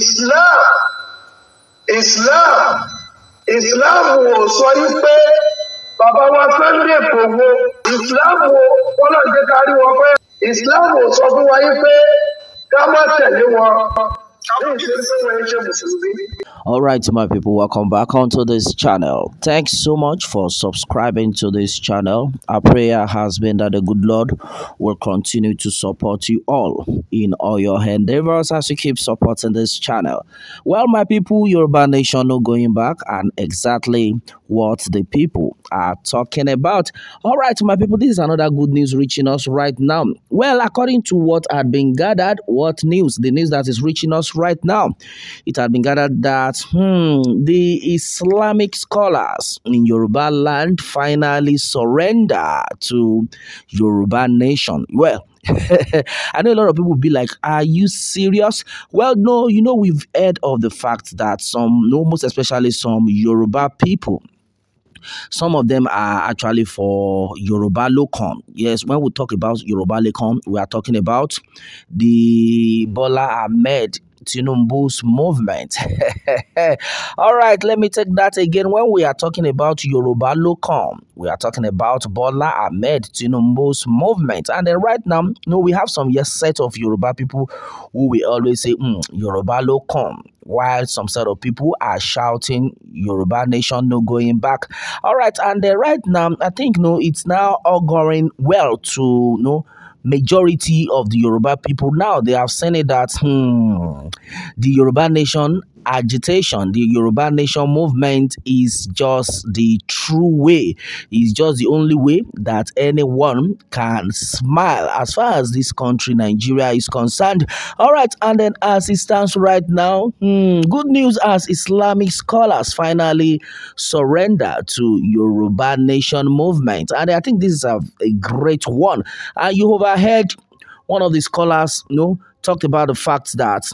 Islam Islam Islam wò sọ yí pé bàbá wa Sunday kò wo Islam wò kọ́nà jẹ́ ká rí wọn pé Islam wò sọ fún wa yí pé ká má tẹ̀lé wọn. Àwọn ìṣesí wọn ń ṣe mùsùlùmí. all right my people welcome back onto this channel thanks so much for subscribing to this channel our prayer has been that the good lord will continue to support you all in all your endeavors as you keep supporting this channel well my people your nation no going back and exactly what the people are talking about. All right, my people, this is another good news reaching us right now. Well, according to what had been gathered, what news? The news that is reaching us right now, it had been gathered that hmm, the Islamic scholars in Yoruba land finally surrender to Yoruba nation. Well, I know a lot of people be like, Are you serious? Well, no, you know, we've heard of the fact that some, almost especially some Yoruba people, some of them are actually for Yoruba locum. Yes, when we talk about Yoruba locum, we are talking about the Bola Ahmed Tinubu's movement. All right, let me take that again. When we are talking about Yoruba Locom, we are talking about Bola Ahmed Tinubu's movement. And then right now, you know, we have some yes set of Yoruba people who we always say, mm, Yoruba Locom while some set of people are shouting Yoruba nation no going back. All right, and then right now I think you no, know, it's now auguring well to you know majority of the Yoruba people now, they have seen it that hmm, the Yoruba nation agitation, the Yoruba Nation movement is just the true way. It's just the only way that anyone can smile as far as this country, Nigeria, is concerned. All right, and then as it stands right now, hmm, good news as Islamic scholars finally surrender to Yoruba Nation movement. And I think this is a, a great one. And you overheard one of the scholars, you know, talked about the fact that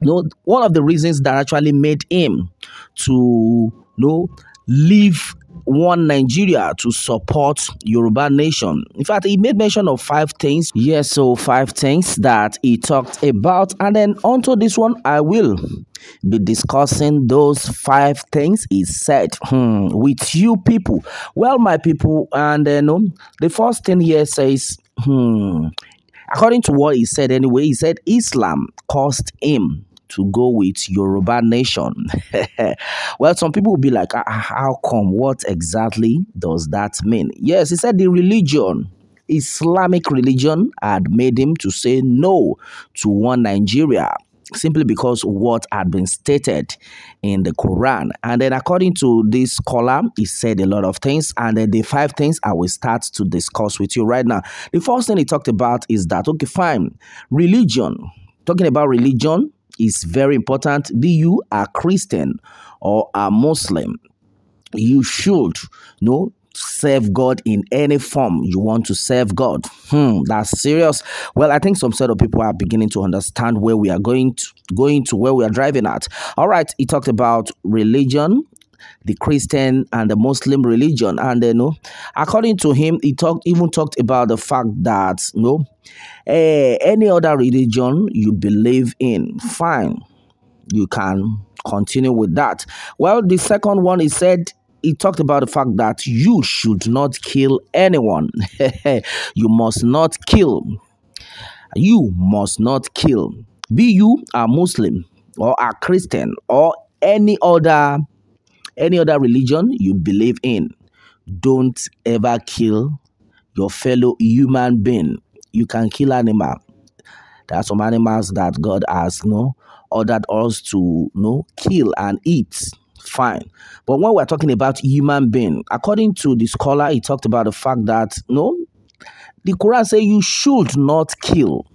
you know, one of the reasons that actually made him to you know leave one Nigeria to support Yoruba nation. In fact, he made mention of five things. Yes, so five things that he talked about. And then onto this one, I will be discussing those five things he said hmm, with you people. Well, my people, and then uh, the first thing here says, hmm, according to what he said anyway, he said Islam caused him to go with Yoruba Nation. well, some people will be like, ah, ah, how come? What exactly does that mean? Yes, he said the religion. Islamic religion had made him to say no to one Nigeria simply because what had been stated in the Quran. And then according to this column, he said a lot of things. And then the five things I will start to discuss with you right now. The first thing he talked about is that, okay, fine, religion. Talking about religion, is very important. Be you a Christian or a Muslim, you should know serve God in any form you want to serve God. Hmm, that's serious. Well, I think some set of people are beginning to understand where we are going to going to where we are driving at. All right, he talked about religion, the Christian and the Muslim religion. And you uh, know, according to him, he talked even talked about the fact that you know, uh, any other religion you believe in, fine, you can continue with that. Well, the second one he said he talked about the fact that you should not kill anyone. you must not kill. You must not kill. Be you a Muslim or a Christian or any other any other religion you believe in. Don't ever kill your fellow human being. You can kill animal. There are some animals that God has you no know, ordered us to you know, kill and eat. Fine. But when we're talking about human being, according to the scholar, he talked about the fact that you no, know, the Quran says you should not kill.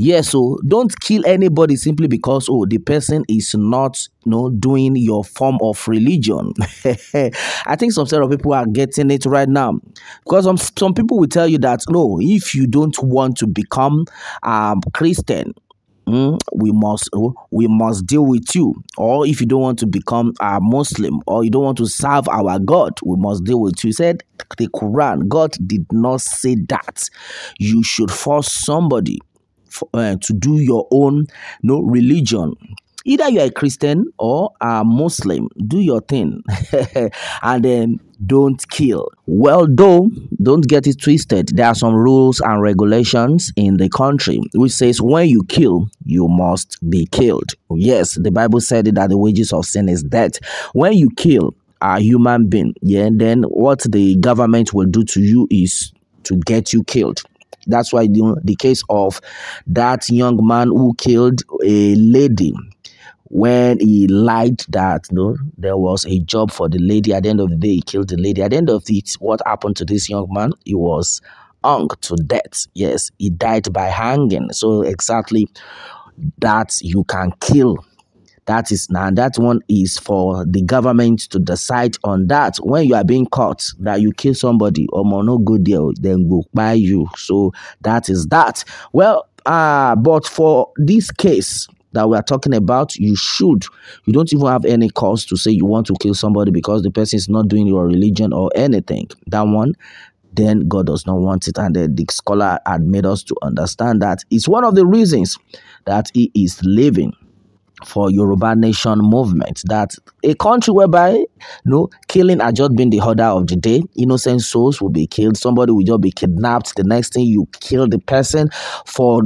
Yes, so don't kill anybody simply because oh the person is not you know doing your form of religion. I think some sort of people are getting it right now because some some people will tell you that no, if you don't want to become um Christian, Mm, we must oh, we must deal with you or if you don't want to become a muslim or you don't want to serve our god we must deal with you he said the quran god did not say that you should force somebody for, uh, to do your own you no know, religion either you are a christian or a muslim do your thing and then don't kill well though don't get it twisted there are some rules and regulations in the country which says when you kill you must be killed yes the bible said that the wages of sin is death when you kill a human being yeah then what the government will do to you is to get you killed that's why the, the case of that young man who killed a lady when he lied that no there was a job for the lady at the end of the day he killed the lady at the end of it what happened to this young man he was hung to death yes he died by hanging so exactly that you can kill that is now that one is for the government to decide on that. When you are being caught that you kill somebody or more no good deal, oh, then go buy you. So that is that. Well, uh, but for this case, that we are talking about, you should. You don't even have any cause to say you want to kill somebody because the person is not doing your religion or anything. That one, then God does not want it. And the, the scholar had made us to understand that it's one of the reasons that he is living for Yoruba Nation movement that a country whereby you no know, killing had just been the order of the day, innocent souls will be killed, somebody will just be kidnapped. The next thing you kill the person for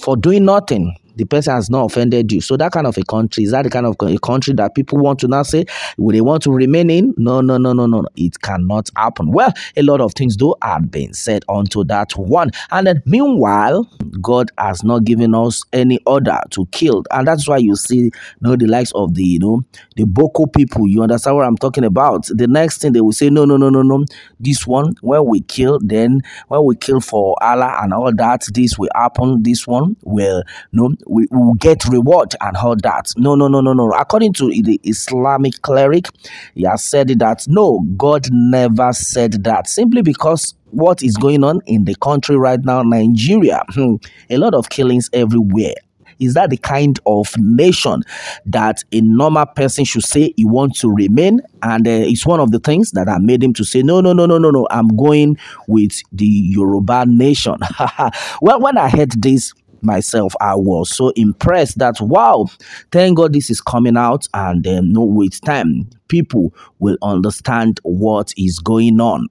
for doing nothing the person has not offended you. So that kind of a country is that the kind of a country that people want to now say will they want to remain in? No, no, no, no, no. It cannot happen. Well, a lot of things though had been said onto that one, and then meanwhile, God has not given us any order to kill, and that's why you see, you know, the likes of the you know the Boko people. You understand what I'm talking about? The next thing they will say, no, no, no, no, no. This one when we kill, then when we kill for Allah and all that, this will happen. This one will no we will get reward and all that. No, no, no, no, no. According to the Islamic cleric, he has said that no, God never said that. Simply because what is going on in the country right now, Nigeria, hmm, a lot of killings everywhere. Is that the kind of nation that a normal person should say he wants to remain? And uh, it's one of the things that I made him to say, no, no, no, no, no, no, I'm going with the Yoruba nation. well, when I heard this, myself i was so impressed that wow thank god this is coming out and um, no wait time people will understand what is going on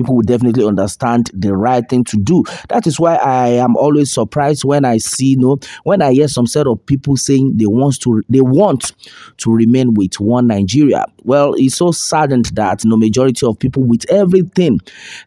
people will definitely understand the right thing to do. That is why I am always surprised when I see, you know, when I hear some set of people saying they want to they want to remain with one Nigeria. Well, it's so saddened that you no know, majority of people with everything,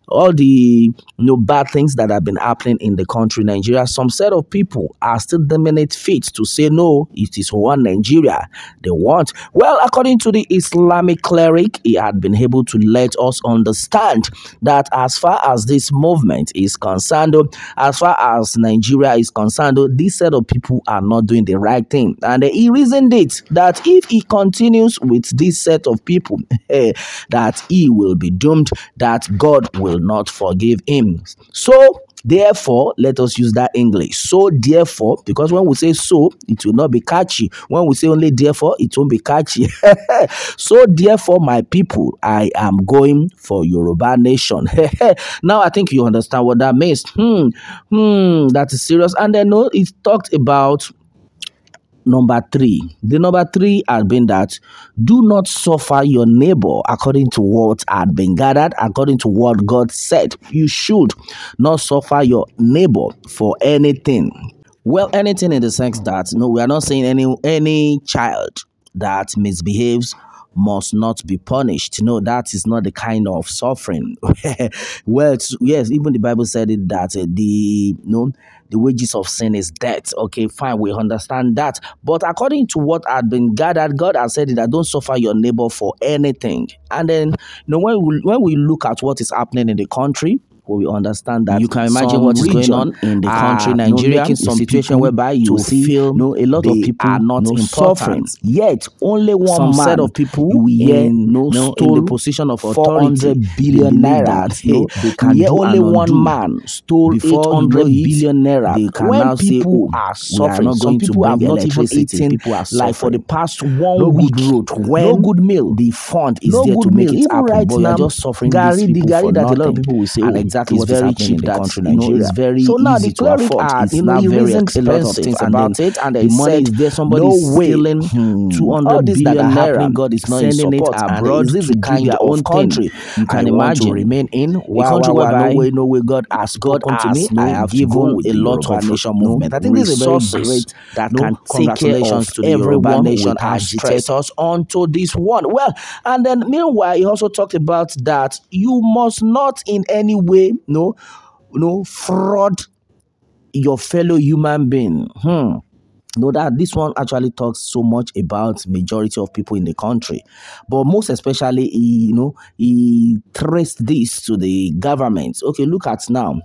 all the you know, bad things that have been happening in the country, Nigeria, some set of people are still dominant fit to say no, it is one Nigeria they want. Well, according to the Islamic cleric, he had been able to let us understand that as far as this movement is concerned, as far as Nigeria is concerned, this set of people are not doing the right thing. And he reasoned it that if he continues with this set of people, eh, that he will be doomed, that God will not forgive him. So Therefore, let us use that English. So, therefore, because when we say so, it will not be catchy. When we say only therefore, it won't be catchy. so, therefore, my people, I am going for Yoruba nation. now, I think you understand what that means. Hmm, hmm, that is serious. And then, no, it talked about number three. The number three has been that do not suffer your neighbor according to what had been gathered, according to what God said. You should not suffer your neighbor for anything. Well, anything in the sense that no, we are not saying any any child that misbehaves must not be punished. No, that is not the kind of suffering. well, yes, even the Bible said it that uh, the you no. Know, the wages of sin is death. Okay, fine, we understand that. But according to what had been gathered, God has said that don't suffer your neighbor for anything. And then, you know, when we, when we look at what is happening in the country, but we understand that you can imagine what is going on in the ah, country, Nigeria, making some situation whereby you see feel no a lot of people are not no suffering. Yet only one some man set of people we hear no, no in the position of authority billion naira. No, they can hear only one man stole 800 billion naira. They can when now say, oh, are suffering, are some people have not even eaten. People are suffering. like for the past one no week, good road, when no good meal. The fund is no there to make it happen. but now, you're just suffering. Gary, the Gary that a lot of people will say, exactly it's what is happening in the country Nigeria. You know, it's very so now easy to afford. As, it's you know, very a lot of things about it, and the money is there. Somebody no stealing hmm. two hundred billion naira. God is not sending it abroad. This is the kind of own country. You can imagine remain in a country whereby no way, no way. God has God come me. I have given a lot of nation movement. I think this is a very great that can take care of to everyone nation agitators onto this one. Well, and then meanwhile, he also talked about that you must not in any way say no no fraud your fellow human being hmm know that this one actually talks so much about majority of people in the country but most especially he, you know he traced this to the government okay look at now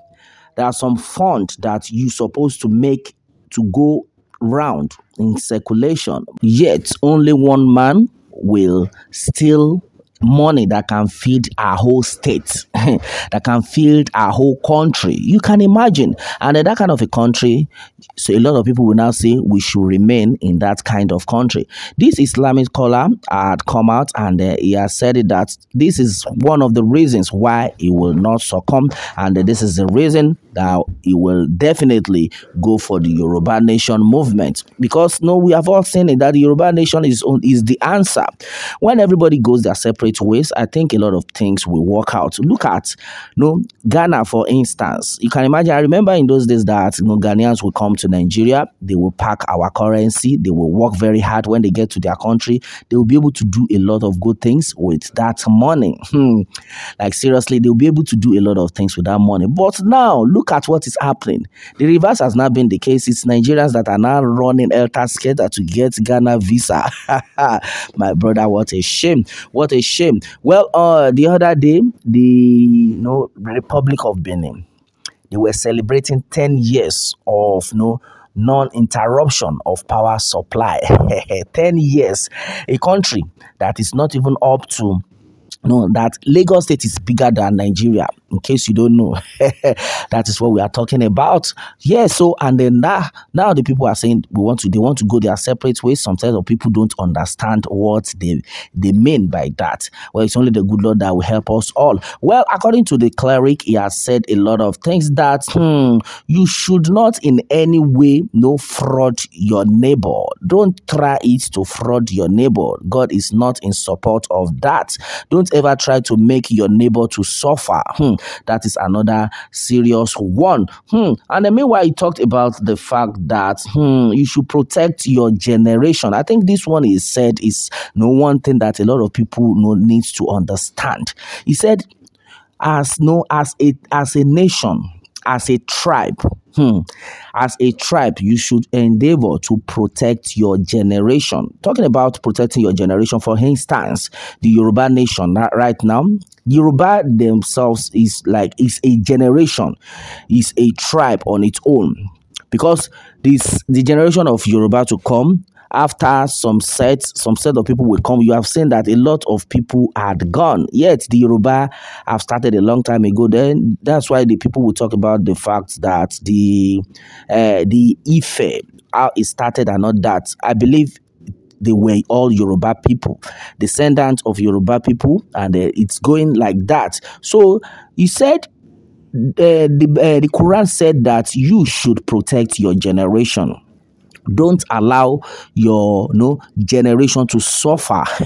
there are some funds that you supposed to make to go round in circulation yet only one man will still money that can feed our whole state, that can feed our whole country. You can imagine. And in that kind of a country, so a lot of people will now say we should remain in that kind of country. This Islamic scholar had come out and uh, he has said that this is one of the reasons why he will not succumb, and this is the reason that he will definitely go for the Yoruba Nation movement. Because no, we have all seen it that the Yoruba Nation is, is the answer. When everybody goes their separate ways, I think a lot of things will work out. Look at you know, Ghana, for instance. You can imagine, I remember in those days that you know, Ghanaians will come to Nigeria, they will pack our currency, they will work very hard when they get to their country, they will be able to do a lot of good things with that money. Hmm. Like, seriously, they'll be able to do a lot of things with that money. But now, look at what is happening. The reverse has not been the case. It's Nigerians that are now running Elta Skater to get Ghana visa. My brother, what a shame. What a shame shame. Well, uh, the other day, the you know, Republic of Benin, they were celebrating 10 years of you no. Know, non-interruption of power supply 10 years a country that is not even up to no that lagos state is bigger than nigeria in case you don't know that is what we are talking about yeah so and then now, now the people are saying we want to they want to go their separate ways sometimes or people don't understand what they they mean by that well it's only the good lord that will help us all well according to the cleric he has said a lot of things that hmm, you should not in any way no fraud your neighbor don't try it to fraud your neighbor god is not in support of that don't ever try to make your neighbor to suffer hmm that is another serious one. Hmm. And then meanwhile, he talked about the fact that hmm, you should protect your generation. I think this one is said is no one thing that a lot of people know, needs to understand. He said, as no as a as a nation, as a tribe, Hmm. As a tribe, you should endeavor to protect your generation. Talking about protecting your generation, for instance, the Yoruba nation right now, Yoruba themselves is like is a generation, is a tribe on its own, because this the generation of Yoruba to come after some sets, some set of people will come you have seen that a lot of people had gone yet the yoruba have started a long time ago then that's why the people will talk about the fact that the uh, the ife how it started and not that i believe they were all Yoruba people, descendants of Yoruba people, and uh, it's going like that. So he said, eh, the, uh, the Quran said that you should protect your generation don't allow your you know, generation to suffer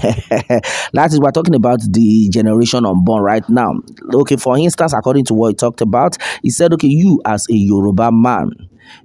that is we're talking about the generation unborn right now okay for instance according to what he talked about he said okay you as a yoruba man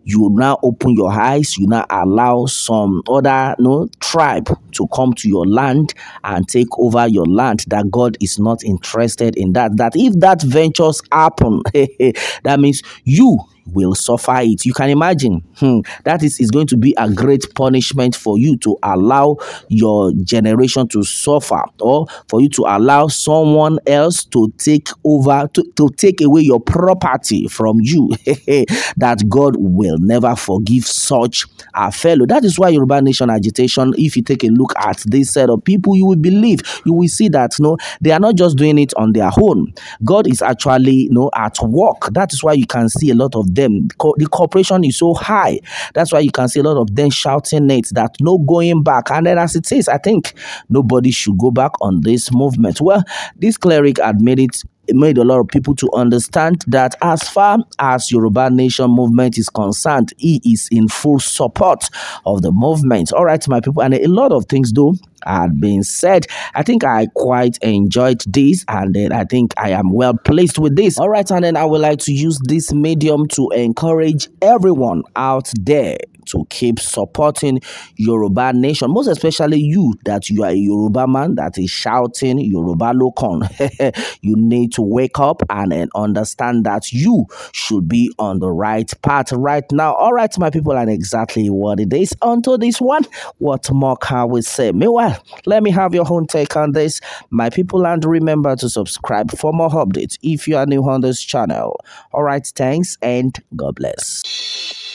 you now open your eyes, you now allow some other you no know, tribe to come to your land and take over your land. That God is not interested in that. That if that ventures happen, that means you will suffer it. You can imagine hmm, that is, is going to be a great punishment for you to allow your generation to suffer or for you to allow someone else to take over, to, to take away your property from you. that God will never forgive such a fellow. That is why Yoruba Nation agitation, if you take a look at this set of people, you will believe, you will see that no, they are not just doing it on their own. God is actually you no know, at work. That is why you can see a lot of them. The corporation is so high. That's why you can see a lot of them shouting it that no going back. And then as it is, I think nobody should go back on this movement. Well, this cleric admitted made a lot of people to understand that as far as Yoruba Nation movement is concerned, he is in full support of the movement. All right, my people, and a lot of things do. had been said. I think I quite enjoyed this, and then I think I am well placed with this. All right, and then I would like to use this medium to encourage everyone out there to keep supporting Yoruba nation, most especially you that you are a Yoruba man that is shouting Yoruba Lokon. you need to wake up and, and understand that you should be on the right path right now. All right, my people, and exactly what it is. Onto this one, what more can we say? Meanwhile, let me have your own take on this, my people, and remember to subscribe for more updates if you are new on this channel. All right, thanks and God bless.